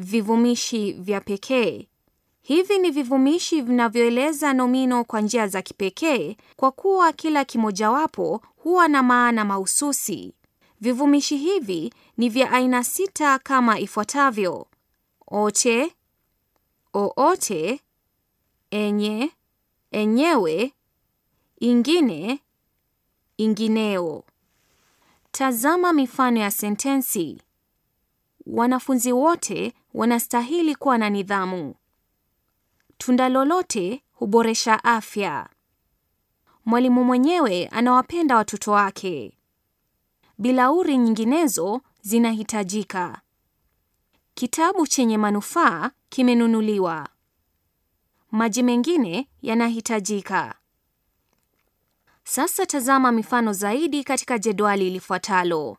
Vivumishi vya pekee. Hivi ni vivumishi vinavyoeleza nomino kwa njia za kipekee, kwa kuwa kila kimojawapo huwa na maana mahususi. Vivumishi hivi ni vya aina sita kama ifuatavyo: ote, oote, enye, enyewe, ingine, ingineo. Tazama mifano ya sentensi: wanafunzi wote wanastahili kuwa na nidhamu. Tunda lolote huboresha afya. Mwalimu mwenyewe anawapenda watoto wake. Bilauri nyinginezo zinahitajika. Kitabu chenye manufaa kimenunuliwa. Maji mengine yanahitajika. Sasa tazama mifano zaidi katika jedwali lifuatalo.